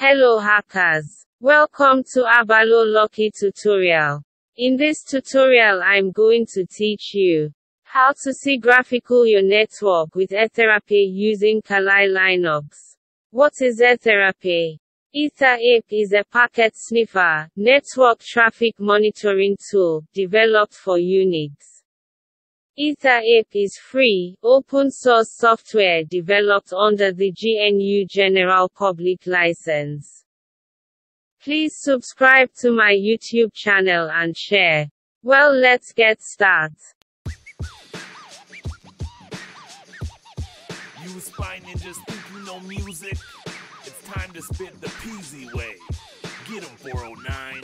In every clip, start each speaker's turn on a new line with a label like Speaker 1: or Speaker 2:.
Speaker 1: Hello hackers! Welcome to Abalo Lucky tutorial. In this tutorial I'm going to teach you how to see graphical your network with eTherapy using Kali Linux. What is eTherapy? EtherApe is a packet sniffer, network traffic monitoring tool, developed for Unix. EtherApp is free, open-source software developed under the GNU General Public License. Please subscribe to my YouTube channel and share. Well let's get started. You
Speaker 2: ninjas think you know music? It's time to spit the peasy way. 409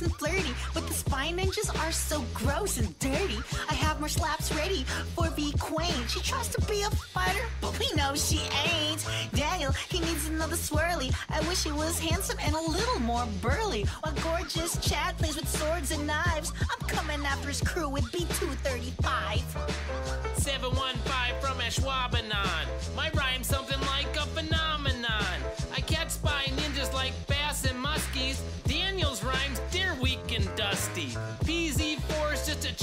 Speaker 3: nice and flirty, but the spine ninjas are so gross and dirty. I have more slaps ready for B queen. She tries to be a fighter, but we know she ain't. Daniel, he needs another swirly. I wish he was handsome and a little more burly. While gorgeous Chad plays with swords and knives, I'm coming after his crew with B235.
Speaker 4: 715 from Ashwaubenon.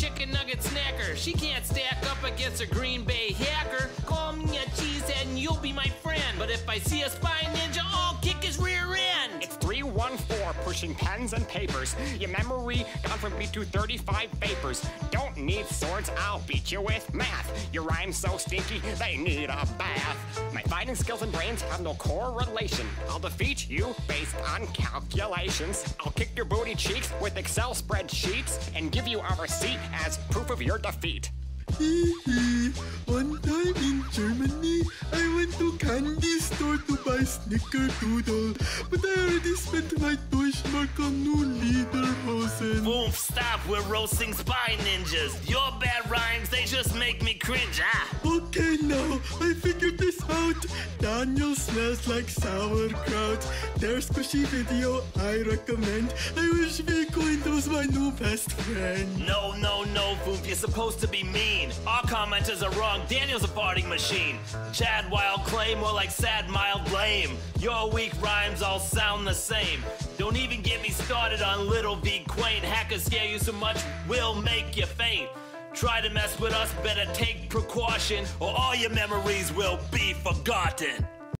Speaker 4: chicken nugget snacker. She can't stack up against a Green Bay hacker.
Speaker 5: pushing pens and papers. Your memory gone from B to 35 vapors. Don't need swords, I'll beat you with math. Your rhymes so stinky, they need a bath. My fighting skills and brains have no correlation. I'll defeat you based on calculations. I'll kick your booty cheeks with Excel spreadsheets and give you a receipt as proof of your defeat.
Speaker 6: One time in Germany, I to candy store to buy snickerdoodle, but I already spent my Deutschmark on new Lederhosen. Wolf,
Speaker 2: stop, we're roasting spy ninjas. Your bad rhymes, they just make me cringe, ah.
Speaker 6: Okay, now, I figured this out. Daniel smells like sauerkraut. Their squishy video I recommend. I wish Bitcoin was my new best friend.
Speaker 2: No, no,
Speaker 6: no, Foof, you're
Speaker 2: supposed to be mean. All commenters are wrong. Daniel's a farting machine. Chad Wild Clay, more like sad, mild blame. Your weak rhymes all sound the same. Don't even get me started on Little V Quaint. Hackers scare you so much, we'll make you faint.
Speaker 1: Try to mess with us, better take precaution, or all your memories will be forgotten.